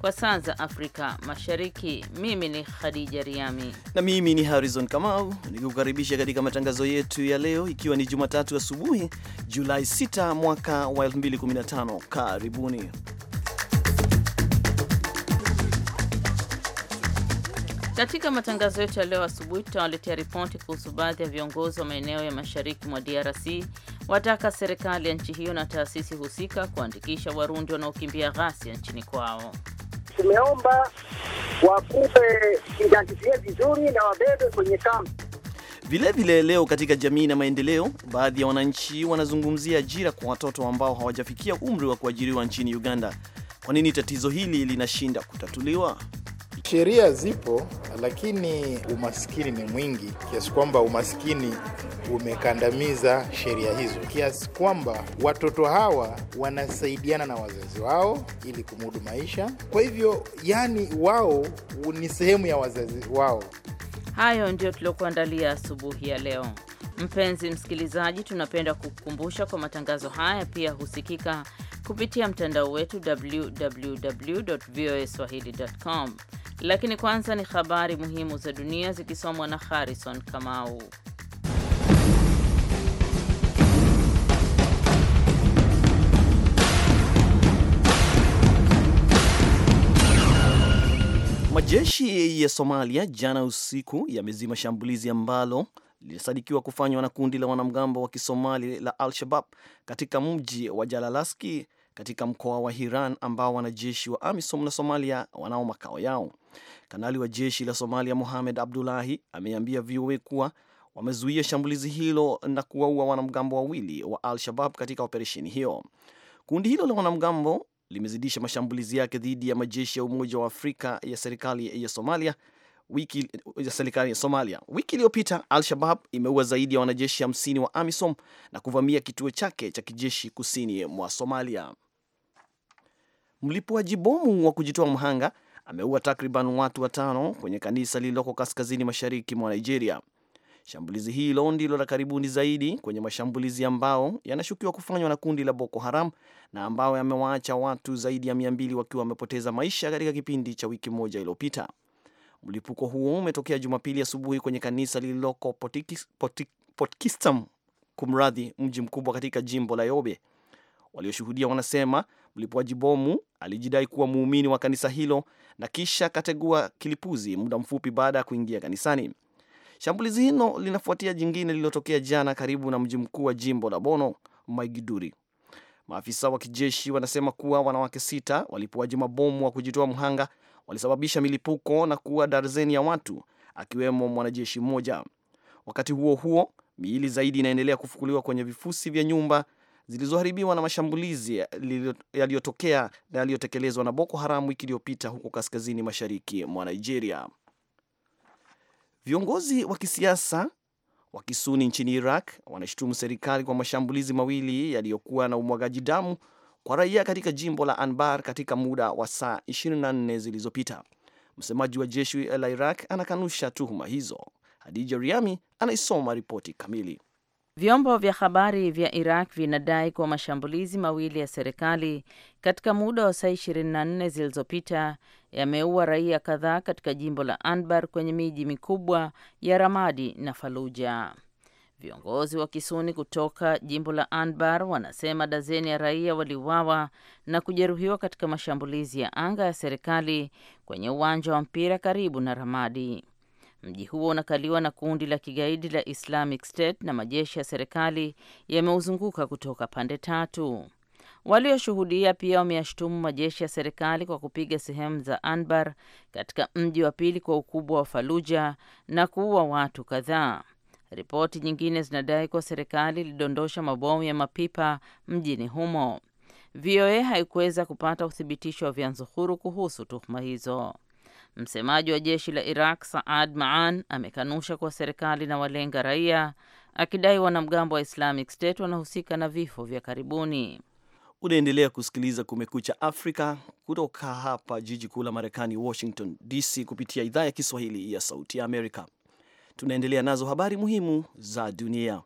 kwa saa za Afrika Mashariki. Mimi ni Khadija Riami na mimi ni Harrison Kamau nikikukaribisha katika matangazo yetu ya leo, ikiwa ni Jumatatu asubuhi Julai 6 mwaka wa 2015. Karibuni. Katika matangazo yetu ya leo asubuhi tutawaletea ripoti kuhusu baadhi ya viongozi wa maeneo ya mashariki mwa DRC wataka serikali ya nchi hiyo na taasisi husika kuandikisha Warundi wanaokimbia ghasia nchini kwao tumeomba wakupe identifie vizuri na wabebe kwenye kambi. Vilevile leo katika jamii na maendeleo, baadhi ya wananchi wanazungumzia ajira kwa watoto ambao hawajafikia umri wa kuajiriwa nchini Uganda. Kwa nini tatizo hili linashinda kutatuliwa? Sheria zipo, lakini umaskini ni mwingi kiasi kwamba umaskini umekandamiza sheria hizo kiasi kwamba watoto hawa wanasaidiana na wazazi wao ili kumudu maisha. Kwa hivyo, yani wao ni sehemu ya wazazi wao. Hayo ndio tuliokuandalia asubuhi ya leo. Mpenzi msikilizaji, tunapenda kukukumbusha kwa matangazo haya pia husikika kupitia mtandao wetu www voa swahili.com. Lakini kwanza ni habari muhimu za dunia zikisomwa na Harrison Kamau. Majeshi ya Somalia jana usiku yamezima shambulizi ambalo lilisadikiwa kufanywa na kundi la wanamgambo wa Kisomali la Al-Shabab katika mji wa Jalalaski katika mkoa wa Hiran ambao wanajeshi wa AMISOM na Somalia wanao makao yao. Kanali wa jeshi la Somalia Mohamed Abdullahi ameambia VOA kuwa wamezuia shambulizi hilo na kuwaua wanamgambo wawili wa Al-Shabab katika operesheni hiyo. Kundi hilo la wanamgambo limezidisha mashambulizi yake dhidi ya majeshi ya Umoja wa Afrika ya serikali ya Somalia wiki ya serikali ya Somalia. Wiki iliyopita Al-Shabab imeua zaidi ya wanajeshi hamsini wa AMISOM na kuvamia kituo chake cha kijeshi kusini mwa Somalia. Mlipuaji bomu wa kujitoa mhanga ameua takriban watu watano kwenye kanisa lililoko kaskazini mashariki mwa Nigeria. Shambulizi hilo ndilo la karibuni zaidi kwenye mashambulizi ambao yanashukiwa kufanywa na kundi la Boko Haram na ambayo yamewaacha watu zaidi ya mia mbili wakiwa wamepoteza maisha katika kipindi cha wiki moja iliyopita. Mlipuko huo umetokea Jumapili asubuhi kwenye kanisa lililoko Potkistam, kumradhi, mji mkubwa katika jimbo la Yobe. Walioshuhudia wanasema mlipuaji bomu alijidai kuwa muumini wa kanisa hilo na kisha kategua kilipuzi muda mfupi baada ya kuingia kanisani. Shambulizi hilo linafuatia jingine lililotokea jana karibu na mji mkuu wa jimbo la Bono, Maiduguri. Maafisa wa kijeshi wanasema kuwa wanawake sita walipuaji mabomu wa kujitoa mhanga walisababisha milipuko na kuua darzeni ya watu akiwemo mwanajeshi mmoja. Wakati huo huo, miili zaidi inaendelea kufukuliwa kwenye vifusi vya nyumba zilizoharibiwa na mashambulizi yaliyotokea na yaliyotekelezwa na Boko Haram wiki iliyopita huko kaskazini mashariki mwa Nigeria. Viongozi wa kisiasa wa Kisuni nchini Iraq wanashutumu serikali kwa mashambulizi mawili yaliyokuwa na umwagaji damu kwa raia katika jimbo la Anbar katika muda wa saa 24 zilizopita. Msemaji wa jeshi la Iraq anakanusha tuhuma hizo. Hadija Riami anaisoma ripoti kamili. Vyombo vya habari vya Iraq vinadai kuwa mashambulizi mawili ya serikali katika muda wa saa 24 zilizopita yameua raia kadhaa katika jimbo la Anbar kwenye miji mikubwa ya Ramadi na Faluja. Viongozi wa Kisuni kutoka jimbo la Anbar wanasema dazeni ya raia waliuawa na kujeruhiwa katika mashambulizi ya anga ya serikali kwenye uwanja wa mpira karibu na Ramadi. Mji huo unakaliwa na kundi la kigaidi la Islamic State na majeshi ya serikali yameuzunguka kutoka pande tatu. Walioshuhudia pia wameyashutumu majeshi ya serikali kwa kupiga sehemu za Anbar katika mji wa pili kwa ukubwa wa Faluja na kuua watu kadhaa. Ripoti nyingine zinadai kuwa serikali ilidondosha mabomu ya mapipa mjini humo. VOA haikuweza kupata uthibitisho wa vyanzo huru kuhusu tuhuma hizo. Msemaji wa jeshi la Iraq Saad Maan amekanusha kuwa serikali na walenga raia, akidai wanamgambo wa Islamic State wanahusika na vifo vya karibuni. Unaendelea kusikiliza Kumekucha Afrika kutoka hapa jiji kuu la Marekani, Washington DC, kupitia idhaa ya Kiswahili ya Sauti ya Amerika. Tunaendelea nazo habari muhimu za dunia.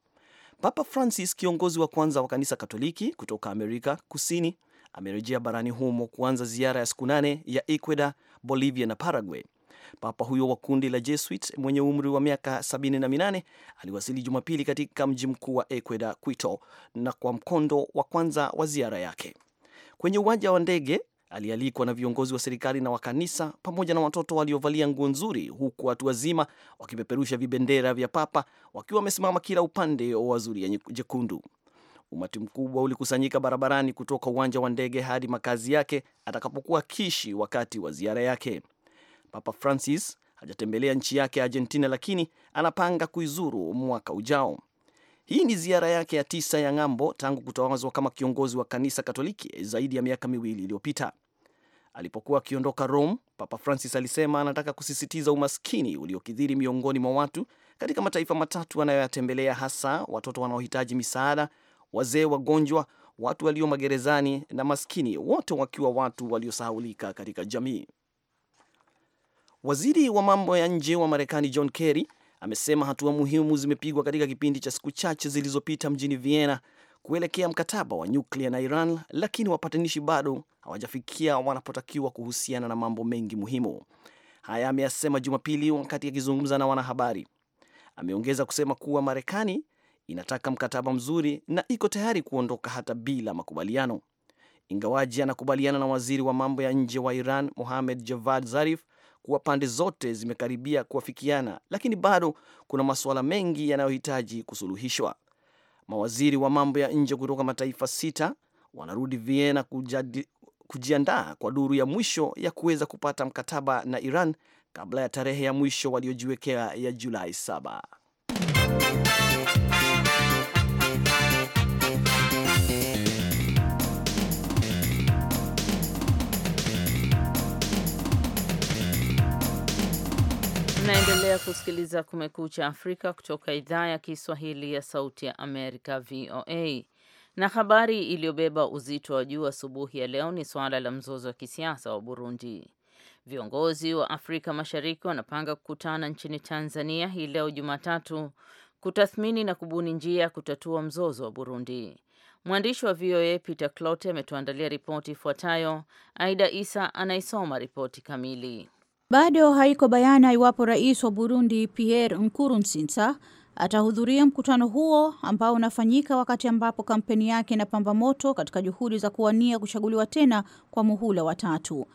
Papa Francis, kiongozi wa kwanza wa kanisa Katoliki kutoka Amerika Kusini, amerejea barani humo kuanza ziara ya siku nane ya Ecuador, Bolivia na Paraguay. Papa huyo wa kundi la Jesuit mwenye umri wa miaka 78 aliwasili Jumapili katika mji mkuu wa Ecuador, Quito, na kwa mkondo wa kwanza wa ziara yake kwenye uwanja wa ndege alialikwa na viongozi wa serikali na wa kanisa pamoja na watoto waliovalia nguo nzuri, huku watu wazima wakipeperusha vibendera vya papa wakiwa wamesimama kila upande wa zulia jekundu. Umati mkubwa ulikusanyika barabarani kutoka uwanja wa ndege hadi makazi yake atakapokuwa Kishi wakati wa ziara yake. Papa Francis hajatembelea nchi yake Argentina, lakini anapanga kuizuru mwaka ujao. Hii ni ziara yake ya tisa ya ng'ambo tangu kutawazwa kama kiongozi wa kanisa Katoliki zaidi ya miaka miwili iliyopita. Alipokuwa akiondoka Rome, Papa Francis alisema anataka kusisitiza umaskini uliokithiri miongoni mwa watu katika mataifa matatu anayoyatembelea, hasa watoto wanaohitaji misaada, wazee wagonjwa, watu walio magerezani na maskini, wote wakiwa watu waliosahaulika katika jamii. Waziri wa mambo ya nje wa Marekani John Kerry amesema hatua muhimu zimepigwa katika kipindi cha siku chache zilizopita mjini Vienna kuelekea mkataba wa nyuklia na Iran, lakini wapatanishi bado hawajafikia wanapotakiwa kuhusiana na mambo mengi muhimu. Haya ameyasema Jumapili wakati akizungumza na wanahabari. Ameongeza kusema kuwa Marekani inataka mkataba mzuri na iko tayari kuondoka hata bila makubaliano, ingawaji anakubaliana na waziri wa mambo ya nje wa Iran Mohamed Javad Zarif kuwa pande zote zimekaribia kuafikiana, lakini bado kuna masuala mengi yanayohitaji kusuluhishwa. Mawaziri wa mambo ya nje kutoka mataifa sita wanarudi Vienna kujadi, kujiandaa kwa duru ya mwisho ya kuweza kupata mkataba na Iran kabla ya tarehe ya mwisho waliojiwekea ya Julai saba. Mnaendelea kusikiliza Kumekucha Afrika kutoka idhaa ya Kiswahili ya Sauti ya Amerika, VOA. Na habari iliyobeba uzito wa juu asubuhi ya leo ni suala la mzozo wa kisiasa wa Burundi. Viongozi wa Afrika Mashariki wanapanga kukutana nchini Tanzania hii leo Jumatatu kutathmini na kubuni njia ya kutatua mzozo wa Burundi. Mwandishi wa VOA Peter Clote ametuandalia ripoti ifuatayo. Aida Isa anaisoma ripoti kamili. Bado haiko bayana iwapo rais wa Burundi Pierre Nkurunziza atahudhuria mkutano huo ambao unafanyika wakati ambapo kampeni yake inapamba moto katika juhudi za kuwania kuchaguliwa tena kwa muhula wa tatu.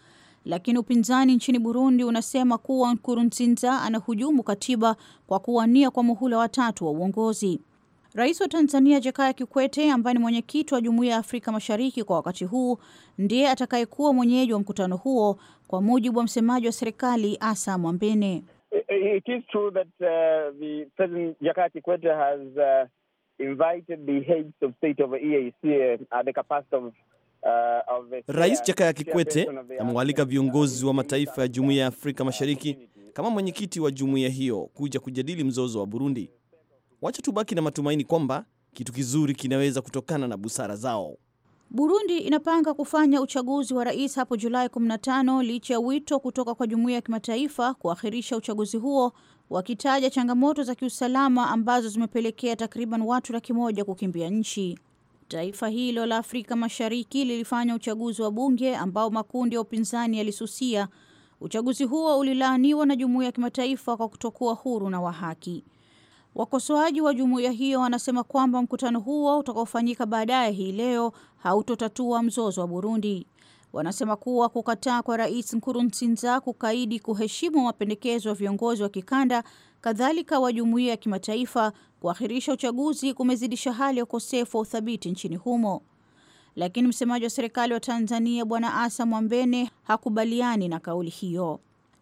Lakini upinzani nchini Burundi unasema kuwa Nkurunziza anahujumu katiba kwa kuwania kwa muhula wa tatu wa uongozi. Rais wa Tanzania Jakaya Kikwete ambaye ni mwenyekiti wa Jumuiya ya Afrika Mashariki kwa wakati huu ndiye atakayekuwa mwenyeji wa mkutano huo, kwa mujibu wa msemaji wa serikali Asa Mwambene. It is true that uh, the President Jakaya Kikwete has uh, invited the heads of state of EAC uh, at the capacity of uh, of the... Rais Jakaya Kikwete amewaalika viongozi wa mataifa ya Jumuiya ya Afrika Mashariki kama mwenyekiti wa jumuiya hiyo kuja kujadili mzozo wa Burundi. Wacha tubaki na matumaini kwamba kitu kizuri kinaweza kutokana na busara zao. Burundi inapanga kufanya uchaguzi wa rais hapo Julai 15 licha ya wito kutoka kwa jumuiya ya kimataifa kuahirisha uchaguzi huo, wakitaja changamoto za kiusalama ambazo zimepelekea takriban watu laki moja kukimbia nchi. Taifa hilo la Afrika Mashariki lilifanya uchaguzi wa bunge ambao makundi ya upinzani yalisusia. Uchaguzi huo ulilaaniwa na jumuiya ya kimataifa kwa kutokuwa huru na wa haki. Wakosoaji wa jumuiya hiyo wanasema kwamba mkutano huo utakaofanyika baadaye hii leo hautotatua mzozo wa Burundi. Wanasema kuwa kukataa kwa Rais Nkurunziza kukaidi kuheshimu mapendekezo ya viongozi wa kikanda, kadhalika wa jumuiya ya kimataifa, kuahirisha uchaguzi kumezidisha hali ya ukosefu wa uthabiti nchini humo. Lakini msemaji wa serikali wa Tanzania Bwana Asa Mwambene hakubaliani na kauli hiyo.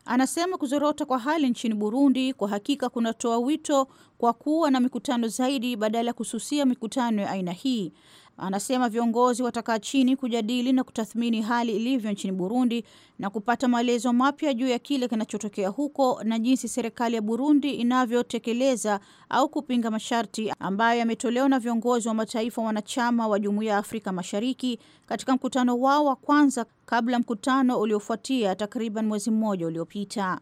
Anasema kuzorota kwa hali nchini Burundi kwa hakika kunatoa wito kwa kuwa na mikutano zaidi badala ya kususia mikutano ya aina hii. Anasema viongozi watakaa chini kujadili na kutathmini hali ilivyo nchini Burundi na kupata maelezo mapya juu ya kile kinachotokea huko na jinsi serikali ya Burundi inavyotekeleza au kupinga masharti ambayo yametolewa na viongozi wa mataifa wanachama wa Jumuiya ya Afrika Mashariki katika mkutano wao wa kwanza kabla mkutano uliofuatia takriban mwezi mmoja uliopita.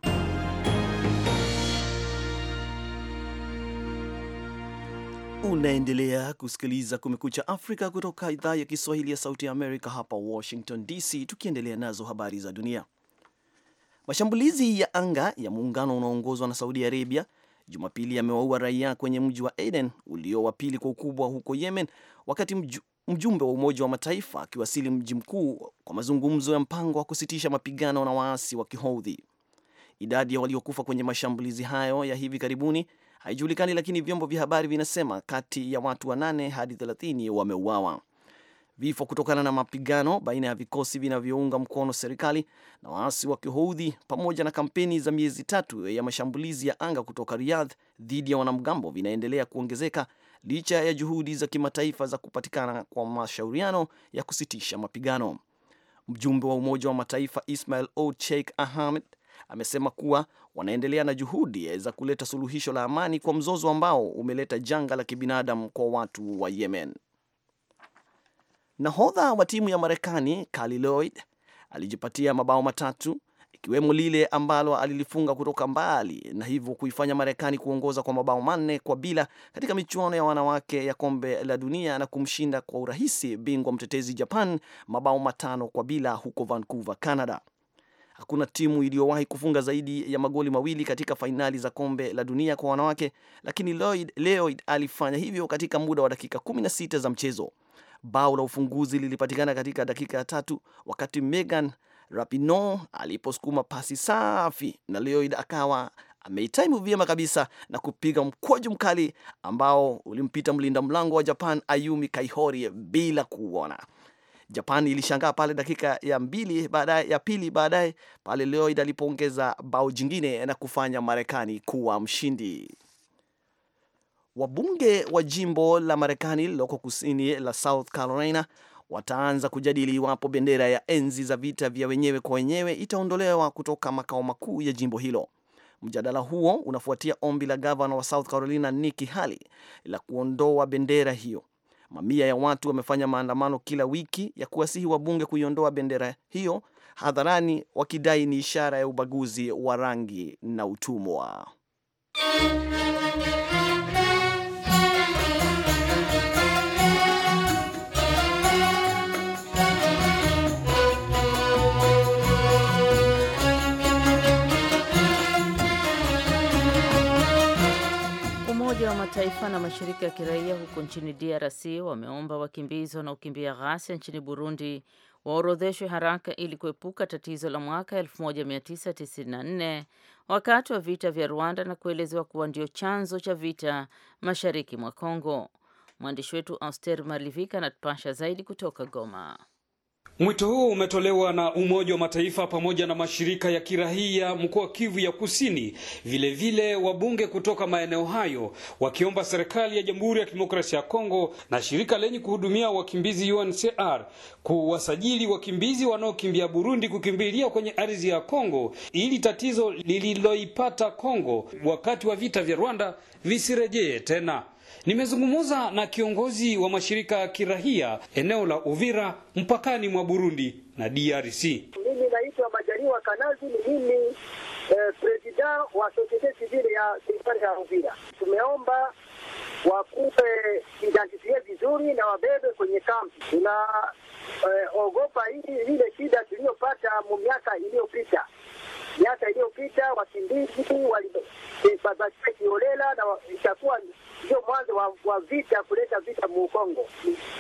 Unaendelea kusikiliza Kumekucha Afrika kutoka idhaa ya Kiswahili ya Sauti ya Amerika hapa Washington DC, tukiendelea nazo habari za dunia. Mashambulizi ya anga ya muungano unaoongozwa na Saudi Arabia Jumapili yamewaua raia kwenye mji wa Aden ulio wa pili kwa ukubwa huko Yemen, wakati mjumbe wa Umoja wa Mataifa akiwasili mji mkuu kwa mazungumzo ya mpango wa kusitisha mapigano na waasi wa Kihoudhi. Idadi ya waliokufa kwenye mashambulizi hayo ya hivi karibuni haijulikani, lakini vyombo vya habari vinasema kati ya watu wanane hadi thelathini wameuawa. Vifo kutokana na mapigano baina ya vikosi vinavyounga mkono serikali na waasi wa Kihoudhi pamoja na kampeni za miezi tatu ya mashambulizi ya anga kutoka Riyadh dhidi ya wanamgambo vinaendelea kuongezeka licha ya juhudi za kimataifa za kupatikana kwa mashauriano ya kusitisha mapigano. Mjumbe wa Umoja wa Mataifa Ismail Old Sheikh Ahmed amesema kuwa wanaendelea na juhudi za kuleta suluhisho la amani kwa mzozo ambao umeleta janga la kibinadamu kwa watu wa Yemen. Nahodha wa timu ya Marekani Kali Lloyd alijipatia mabao matatu ikiwemo lile ambalo alilifunga kutoka mbali na hivyo kuifanya Marekani kuongoza kwa mabao manne kwa bila katika michuano ya wanawake ya kombe la dunia na kumshinda kwa urahisi bingwa mtetezi Japan mabao matano kwa bila huko Vancouver, Canada. Hakuna timu iliyowahi kufunga zaidi ya magoli mawili katika fainali za kombe la dunia kwa wanawake, lakini Lloyd, Lloyd alifanya hivyo katika muda wa dakika 16 za mchezo. Bao la ufunguzi lilipatikana katika dakika ya tatu wakati Megan Rapinoe aliposukuma pasi safi na Lloyd akawa ameitaimu vyema kabisa na kupiga mkwaju mkali ambao ulimpita mlinda mlango wa Japan Ayumi Kaihori bila kuuona. Japan ilishangaa pale dakika ya mbili baadaye ya pili baadaye pale Lloyd alipoongeza bao jingine na kufanya Marekani kuwa mshindi. Wabunge wa jimbo la Marekani lililoko kusini la South Carolina wataanza kujadili iwapo bendera ya enzi za vita vya wenyewe kwa wenyewe itaondolewa kutoka makao makuu ya jimbo hilo. Mjadala huo unafuatia ombi la gavana wa South Carolina Nikki Haley la kuondoa bendera hiyo. Mamia ya watu wamefanya maandamano kila wiki ya kuwasihi wabunge kuiondoa bendera hiyo hadharani, wakidai ni ishara ya ubaguzi wa rangi na utumwa. Umoja wa Mataifa na mashirika ya kiraia huko nchini DRC wameomba wakimbizi wanaokimbia ghasia nchini Burundi waorodheshwe haraka ili kuepuka tatizo la mwaka 1994 wakati wa vita vya Rwanda na kuelezewa kuwa ndio chanzo cha vita mashariki mwa Kongo. Mwandishi wetu Auster Malivika anatupasha zaidi kutoka Goma. Mwito huu umetolewa na Umoja wa Mataifa pamoja na mashirika ya kiraia mkoa wa Kivu ya Kusini, vilevile wabunge kutoka maeneo hayo wakiomba serikali ya Jamhuri ya Kidemokrasia ya Kongo na shirika lenye kuhudumia wakimbizi UNHCR kuwasajili wakimbizi wanaokimbia Burundi kukimbilia kwenye ardhi ya Kongo ili tatizo lililoipata Kongo wakati wa vita vya Rwanda visirejee tena. Nimezungumza na kiongozi wa mashirika ya kirahia eneo la Uvira mpakani mwa Burundi na DRC. Mimi naitwa Majaliwa Kanazi, ni mimi eh, president wa societe civile ya serikali ya Uvira. Tumeomba wakupe identifie vizuri na wabebe kwenye kampi. Tunaogopa eh, hii lile shida tuliyopata mu miaka iliyopita miaka iliyopita wakimbizi walibakia kiolela na itakuwa ndio mwanzo wa, wa vita kuleta vita muukongo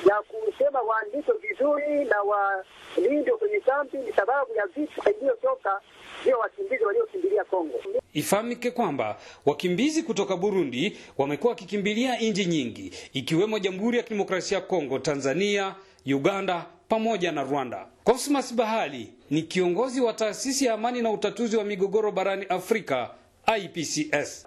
ya kusema waandike vizuri na walindwe kwenye kambi, ni sababu ya vita iliyotoka ndio wakimbizi waliokimbilia Kongo. Ifahamike kwamba wakimbizi kutoka Burundi wamekuwa wakikimbilia nchi nyingi ikiwemo Jamhuri ya Kidemokrasia ya Kongo, Tanzania, Uganda pamoja na Rwanda. Cosmas Bahali ni kiongozi wa taasisi ya amani na utatuzi wa migogoro barani Afrika IPCS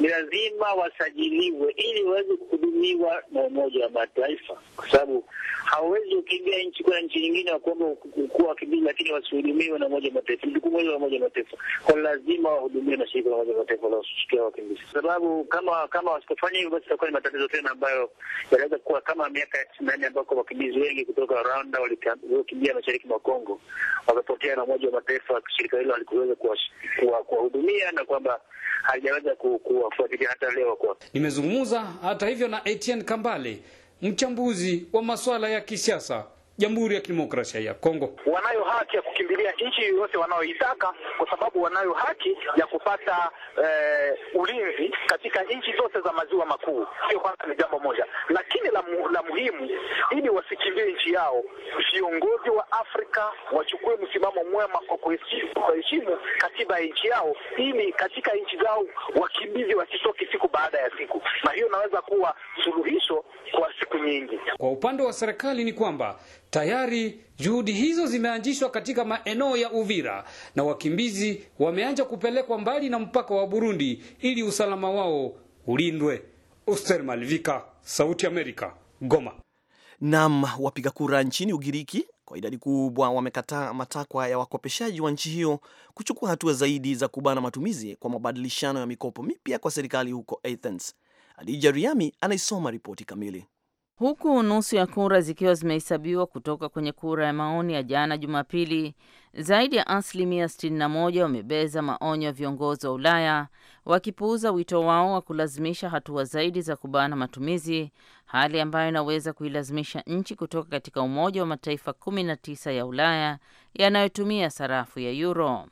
ni lazima wasajiliwe ili waweze kuhudumiwa na Umoja wa Mataifa, kwa sababu hawawezi ukiingia nchi kwenda nchi nyingine wakuomba kuwa wakimbizi, lakini wasihudumiwe na Umoja wa Mataifa. Jukumu hilo la Umoja wa Mataifa kwa lazima wahudumiwe na shirika la Umoja wa Mataifa la kushughulikia wakimbizi, kwa sababu kama kama wasipofanya hivyo, basi itakuwa ni matatizo tena ambayo yanaweza kuwa kama miaka ya tisini na nne ambako wakimbizi wengi kutoka Rwanda waliokimbia mashariki mwa Kongo wamepotea, na Umoja wa Mataifa shirika hilo halikuweza kuwahudumia na kwamba halijaweza kuwa kufuatilia hata leo kwa. Nimezungumza hata hivyo na Etienne Kambale, mchambuzi wa masuala ya kisiasa Jamhuri ya Kidemokrasia ya Kongo. Wanayo haki ya kukimbilia nchi yoyote wanayoitaka, kwa sababu wanayo haki ya kupata eh, ulinzi katika nchi zote za maziwa makuu. Hiyo kwanza ni jambo moja, lakini la, mu, la muhimu, ili wasikimbie nchi yao, viongozi wa Afrika wachukue msimamo mwema kwa kuheshimu katiba ya nchi yao, ili katika nchi zao wakimbizi wasitoke siku baada ya siku, na hiyo naweza kuwa suluhisho kwa siku nyingi. Kwa upande wa serikali ni kwamba tayari juhudi hizo zimeanzishwa katika maeneo ya Uvira na wakimbizi wameanza kupelekwa mbali na mpaka wa Burundi ili usalama wao ulindwe. Oster Malvika, Sauti Amerika, Goma. Naam, wapiga kura nchini Ugiriki kwa idadi kubwa wamekataa matakwa ya wakopeshaji wa nchi hiyo kuchukua hatua zaidi za kubana matumizi kwa mabadilishano ya mikopo mipya kwa serikali huko Athens. Adija Riami anaisoma ripoti kamili. Huku nusu ya kura zikiwa zimehesabiwa kutoka kwenye kura ya maoni ya jana Jumapili, zaidi ya asilimia 61 wamebeza maonyo ya viongozi wa Ulaya wakipuuza wito wao wa kulazimisha hatua zaidi za kubana matumizi, hali ambayo inaweza kuilazimisha nchi kutoka katika Umoja wa Mataifa 19 ya Ulaya yanayotumia sarafu ya euro.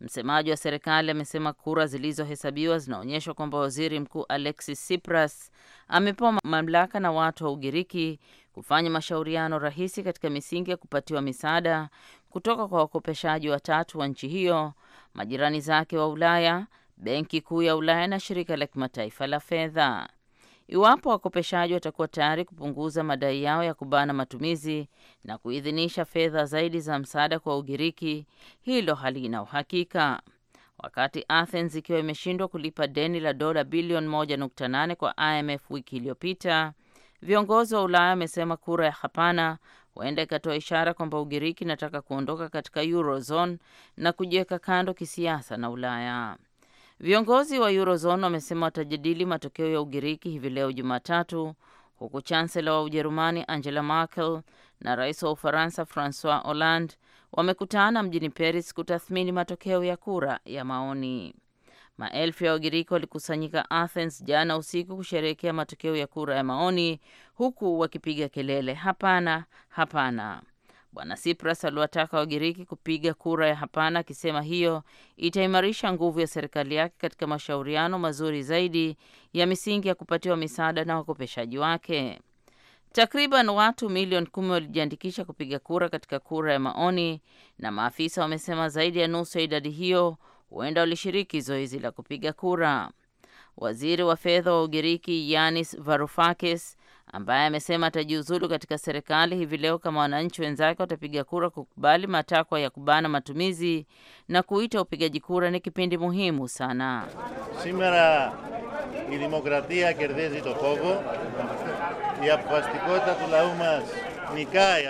Msemaji wa serikali amesema kura zilizohesabiwa zinaonyesha kwamba waziri mkuu Alexis Tsipras amepewa mamlaka na watu wa Ugiriki kufanya mashauriano rahisi katika misingi ya kupatiwa misaada kutoka kwa wakopeshaji watatu wa nchi hiyo, majirani zake wa Ulaya, Benki Kuu ya Ulaya na Shirika la Kimataifa la Fedha iwapo wakopeshaji watakuwa tayari kupunguza madai yao ya kubana matumizi na kuidhinisha fedha zaidi za msaada kwa Ugiriki. Hilo halina uhakika. Wakati Athens ikiwa imeshindwa kulipa deni la dola bilioni 1.8 kwa IMF wiki iliyopita, viongozi wa Ulaya wamesema kura ya hapana huenda ikatoa ishara kwamba Ugiriki inataka kuondoka katika Eurozone na kujiweka kando kisiasa na Ulaya. Viongozi wa Eurozone wamesema watajadili matokeo ya Ugiriki hivi leo Jumatatu, huku chansela wa Ujerumani Angela Merkel na rais wa Ufaransa Francois Hollande wamekutana mjini Paris kutathmini matokeo ya kura ya maoni. Maelfu ya Wagiriki walikusanyika Athens jana usiku kusherehekea matokeo ya kura ya maoni, huku wakipiga kelele hapana, hapana. Bwana Sipras aliwataka Wagiriki kupiga kura ya hapana, akisema hiyo itaimarisha nguvu ya serikali yake katika mashauriano mazuri zaidi ya misingi ya kupatiwa misaada na wakopeshaji wake. Takriban watu milioni kumi walijiandikisha kupiga kura katika kura ya maoni, na maafisa wamesema zaidi ya nusu ya idadi hiyo huenda walishiriki zoezi la kupiga kura. Waziri wa fedha wa Ugiriki Yanis Varoufakis ambaye amesema atajiuzulu katika serikali hivi leo kama wananchi wenzake watapiga kura kukubali matakwa ya kubana matumizi na kuita upigaji kura ni kipindi muhimu sana. Simera i demokratia kerdezi to i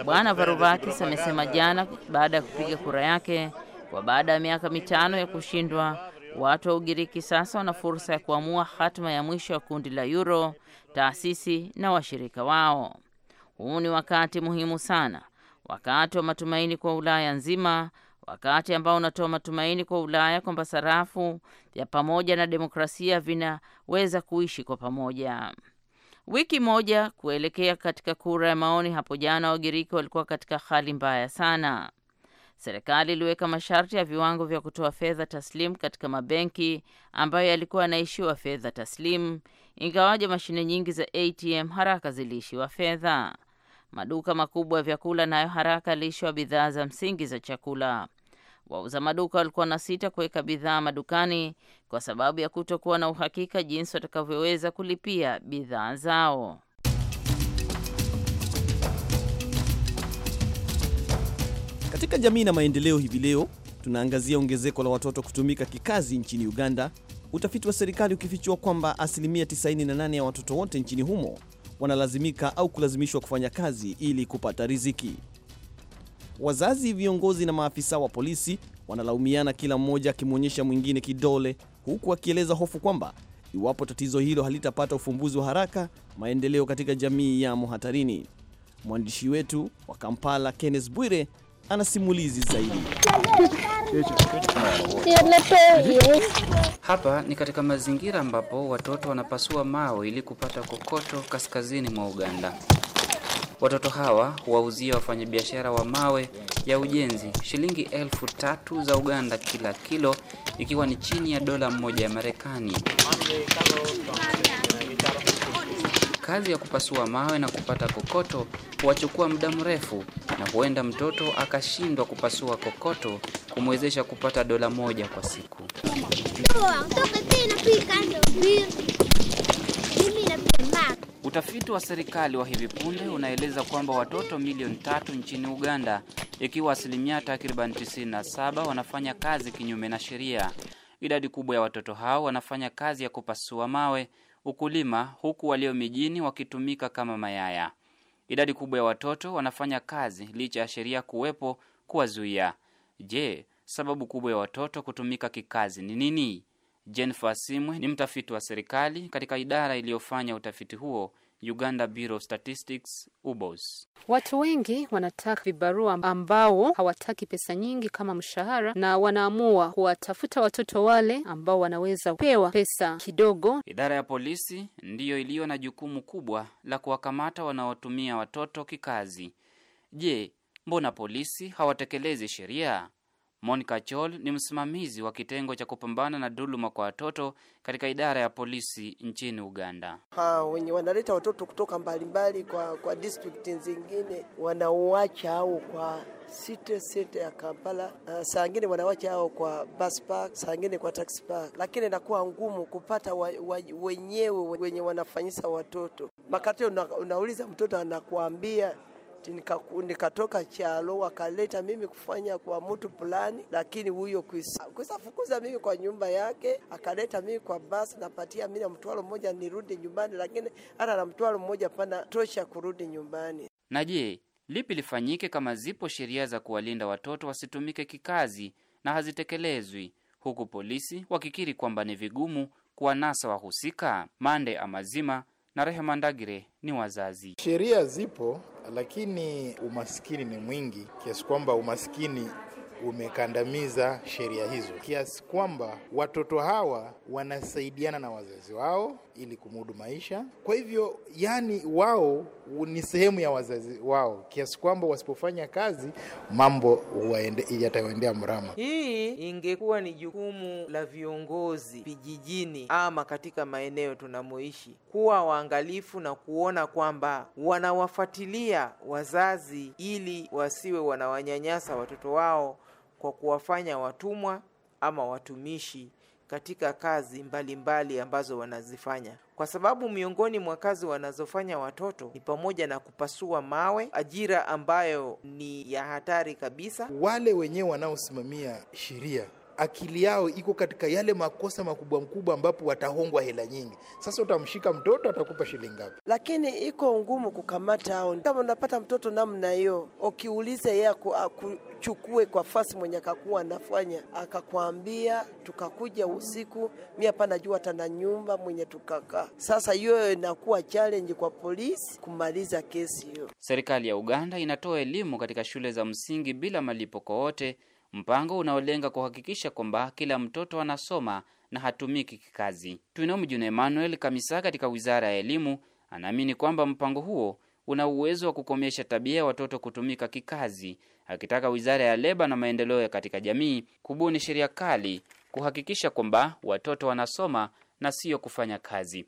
Bwana Varuvakis amesema jana baada ya kupiga kura yake kwa baada ya miaka mitano ya kushindwa Watu wa Ugiriki sasa wana fursa ya kuamua hatima ya mwisho ya kundi la Euro, taasisi na washirika wao. Huu ni wakati muhimu sana, wakati wa matumaini kwa Ulaya nzima, wakati ambao unatoa matumaini kwa Ulaya kwamba sarafu ya pamoja na demokrasia vinaweza kuishi kwa pamoja. Wiki moja kuelekea katika kura ya maoni hapo jana, Wagiriki walikuwa katika hali mbaya sana. Serikali iliweka masharti ya viwango vya kutoa fedha taslimu katika mabenki ambayo yalikuwa yanaishiwa fedha taslimu, ingawaje mashine nyingi za ATM haraka ziliishiwa fedha. Maduka makubwa ya vyakula nayo haraka yaliishiwa bidhaa za msingi za chakula. Wauza maduka walikuwa na sita kuweka bidhaa madukani kwa sababu ya kutokuwa na uhakika jinsi watakavyoweza kulipia bidhaa zao. Katika jamii na maendeleo, hivi leo tunaangazia ongezeko la watoto kutumika kikazi nchini Uganda, utafiti wa serikali ukifichua kwamba asilimia 98 ya watoto wote nchini humo wanalazimika au kulazimishwa kufanya kazi ili kupata riziki. Wazazi, viongozi na maafisa wa polisi wanalaumiana, kila mmoja akimwonyesha mwingine kidole, huku akieleza hofu kwamba iwapo tatizo hilo halitapata ufumbuzi wa haraka, maendeleo katika jamii yamo hatarini. Mwandishi wetu wa Kampala Kenneth Bwire anasimulizi zaidi. Hapa ni katika mazingira ambapo watoto wanapasua mao ili kupata kokoto kaskazini mwa Uganda. Watoto hawa huwauzia wafanyabiashara wa mawe ya ujenzi shilingi elfu tatu za Uganda kila kilo, ikiwa ni chini ya dola moja ya Marekani. Kazi ya kupasua mawe na kupata kokoto huwachukua muda mrefu, na huenda mtoto akashindwa kupasua kokoto kumwezesha kupata dola moja kwa siku. Utafiti wa serikali wa hivi punde unaeleza kwamba watoto milioni tatu nchini Uganda, ikiwa asilimia takriban 97 wanafanya kazi kinyume na sheria. Idadi kubwa ya watoto hao wanafanya kazi ya kupasua mawe, ukulima, huku walio mijini wakitumika kama mayaya. Idadi kubwa ya watoto wanafanya kazi licha ya sheria kuwepo kuwazuia. Je, sababu kubwa ya watoto kutumika kikazi ni nini? Jennifer Simwe ni mtafiti wa serikali katika idara iliyofanya utafiti huo Uganda Bureau of Statistics UBOS. Watu wengi wanataka vibarua ambao hawataki pesa nyingi kama mshahara, na wanaamua kuwatafuta watoto wale ambao wanaweza pewa pesa kidogo. Idara ya polisi ndiyo iliyo na jukumu kubwa la kuwakamata wanaotumia watoto kikazi. Je, mbona polisi hawatekelezi sheria? Monica Chol ni msimamizi wa kitengo cha kupambana na dhuluma kwa watoto katika idara ya polisi nchini Uganda. Ha, wenye wanaleta watoto kutoka mbalimbali kwa, kwa district zingine wanauacha au kwa site site ya Kampala. Uh, saa ngine wanawacha hao kwa bus park, saa ingine kwa taxi park, lakini inakuwa ngumu kupata wa, wa, wenyewe wenye wanafanyisa watoto makati Una, unauliza mtoto anakuambia nikatoka chalo, wakaleta mimi kufanya kwa mtu fulani, lakini huyo fukuza mimi kwa nyumba yake, akaleta mimi kwa basi, napatia mimi na mtwalo mmoja nirudi nyumbani, lakini hata na mtwalo mmoja pana tosha kurudi nyumbani. Na je, lipi lifanyike kama zipo sheria za kuwalinda watoto wasitumike kikazi na hazitekelezwi, huku polisi wakikiri kwamba ni vigumu kuwanasa wahusika? Mande Amazima, na Rehema Ndagire ni wazazi. Sheria zipo, lakini umaskini ni mwingi kiasi kwamba umaskini umekandamiza sheria hizo kiasi kwamba watoto hawa wanasaidiana na wazazi wao ili kumudu maisha. Kwa hivyo, yani wao ni sehemu ya wazazi wao kiasi kwamba wasipofanya kazi mambo yataendea mrama. Hii ingekuwa ni jukumu la viongozi vijijini ama katika maeneo tunamoishi kuwa waangalifu na kuona kwamba wanawafuatilia wazazi ili wasiwe wanawanyanyasa watoto wao kwa kuwafanya watumwa ama watumishi katika kazi mbalimbali mbali ambazo wanazifanya, kwa sababu miongoni mwa kazi wanazofanya watoto ni pamoja na kupasua mawe, ajira ambayo ni ya hatari kabisa. Wale wenyewe wanaosimamia sheria akili yao iko katika yale makosa makubwa mkubwa ambapo watahongwa hela nyingi. Sasa utamshika mtoto atakupa shilingi ngapi? Lakini iko ngumu kukamata hao. Kama unapata mtoto namna hiyo, ukiuliza yeye akuchukue kwa fasi mwenye akakuwa anafanya, akakwambia tukakuja usiku, mi hapa najua tana nyumba mwenye tukakaa. Sasa hiyo inakuwa challenge kwa polisi kumaliza kesi hiyo. Serikali ya Uganda inatoa elimu katika shule za msingi bila malipo kwa wote mpango unaolenga kuhakikisha kwamba kila mtoto anasoma na hatumiki kikazi. Twinomujuno Emmanuel Kamisa katika wizara ya elimu anaamini kwamba mpango huo una uwezo wa kukomesha tabia ya watoto kutumika kikazi, akitaka wizara ya leba na maendeleo ya katika jamii kubuni sheria kali kuhakikisha kwamba watoto wanasoma na siyo kufanya kazi.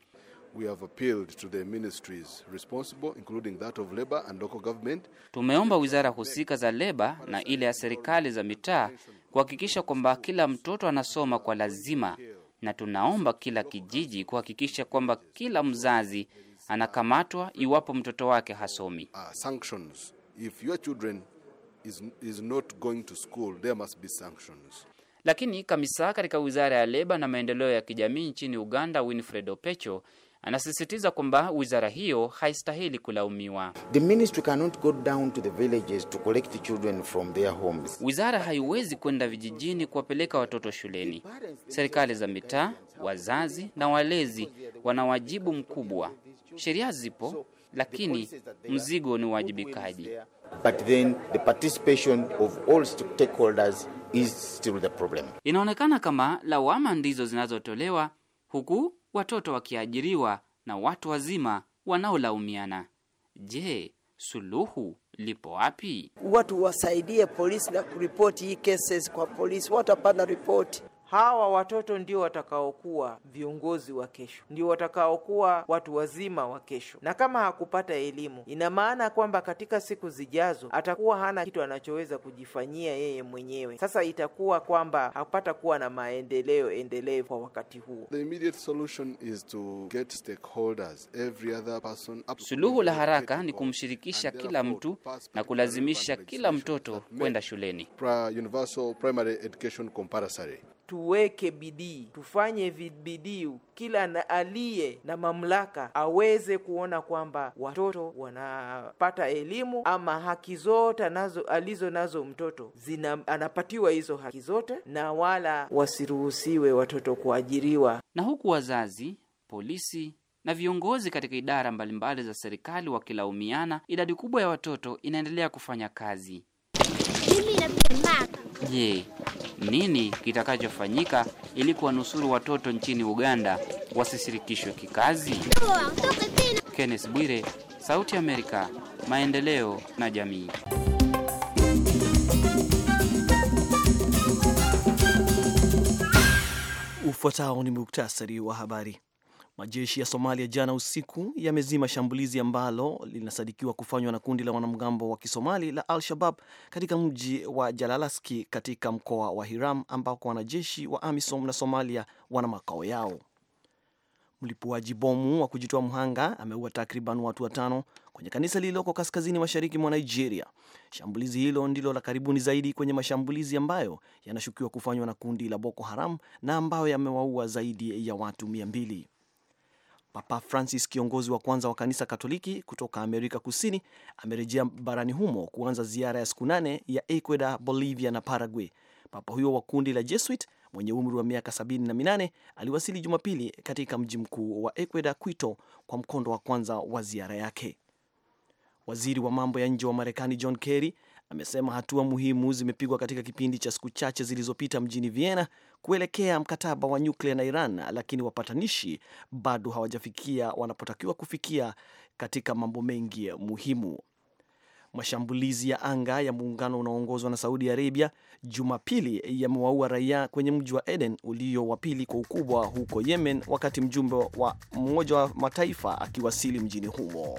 Tumeomba wizara husika za leba na ile ya serikali za mitaa kuhakikisha kwamba kila mtoto anasoma kwa lazima, na tunaomba kila kijiji kuhakikisha kwamba kila mzazi anakamatwa iwapo mtoto wake hasomi. Lakini kamisa katika wizara ya leba na maendeleo ya kijamii nchini Uganda, Winfred Opecho Anasisitiza kwamba wizara hiyo haistahili kulaumiwa. The ministry cannot go down to the villages to collect children from their homes. Wizara haiwezi kwenda vijijini kuwapeleka watoto shuleni. Serikali za mitaa, wazazi na walezi wana wajibu mkubwa. Sheria zipo, lakini mzigo ni uwajibikaji. But then the participation of all stakeholders is still the problem. Inaonekana kama lawama ndizo zinazotolewa huku watoto wakiajiriwa na watu wazima wanaolaumiana. Je, suluhu lipo wapi? Watu wasaidie polisi na kuripoti hii cases kwa polisi, watu hapana ripoti hawa watoto ndio watakaokuwa viongozi wa kesho, ndio watakaokuwa watu wazima wa kesho. Na kama hakupata elimu, ina maana kwamba katika siku zijazo atakuwa hana kitu anachoweza kujifanyia yeye mwenyewe. Sasa itakuwa kwamba hapata kuwa na maendeleo endelevu kwa wakati huo. The immediate solution is to get stakeholders, every other person up. Suluhu la haraka ni kumshirikisha kila mtu na kulazimisha kila mtoto kwenda shuleni. Universal primary education compulsory tuweke bidii, tufanye bidii kila na aliye na mamlaka aweze kuona kwamba watoto wanapata elimu ama haki zote nazo alizo nazo mtoto zina, anapatiwa hizo haki zote, na wala wasiruhusiwe watoto kuajiriwa. Na huku wazazi, polisi na viongozi katika idara mbalimbali za serikali wakilaumiana, idadi kubwa ya watoto inaendelea kufanya kazi. Mimi napenda Je, nini kitakachofanyika ili kuwanusuru watoto nchini Uganda wasisirikishwe kikazi? Kenneth Bwire, Sauti Amerika, maendeleo na jamii. Ufuatao ni muktasari wa habari. Majeshi ya Somalia jana usiku yamezima shambulizi ambalo linasadikiwa kufanywa na kundi la wanamgambo wa Kisomali la Al-Shabab katika mji wa Jalalaski katika mkoa wa Hiram ambako wanajeshi wa AMISOM na Somalia wana makao yao. Mlipuaji bomu wa kujitoa mhanga ameua takriban watu watano kwenye kanisa lililoko kaskazini mashariki mwa Nigeria. Shambulizi hilo ndilo la karibuni zaidi kwenye mashambulizi ambayo yanashukiwa kufanywa na kundi la Boko Haram na ambayo yamewaua zaidi ya watu mia mbili. Papa Francis, kiongozi wa kwanza wa kanisa Katoliki kutoka Amerika Kusini, amerejea barani humo kuanza ziara ya siku nane ya Ecuador, Bolivia na Paraguay. Papa huyo wa kundi la Jesuit mwenye umri wa miaka 78 aliwasili Jumapili katika mji mkuu wa Ecuador, Quito, kwa mkondo wa kwanza wa ziara yake. Waziri wa mambo ya nje wa Marekani John Kerry amesema hatua muhimu zimepigwa katika kipindi cha siku chache zilizopita mjini Vienna kuelekea mkataba wa nyuklia na Iran, lakini wapatanishi bado hawajafikia wanapotakiwa kufikia katika mambo mengi muhimu. Mashambulizi ya anga ya muungano unaoongozwa na Saudi Arabia Jumapili yamewaua raia kwenye mji wa Eden ulio wa pili kwa ukubwa huko Yemen, wakati mjumbe wa Umoja wa Mataifa akiwasili mjini humo.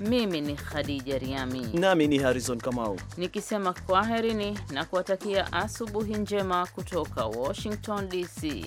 mimi ni Khadija Riami nami ni Harrison Kamau, nikisema kwaherini na kuwatakia asubuhi njema kutoka Washington DC.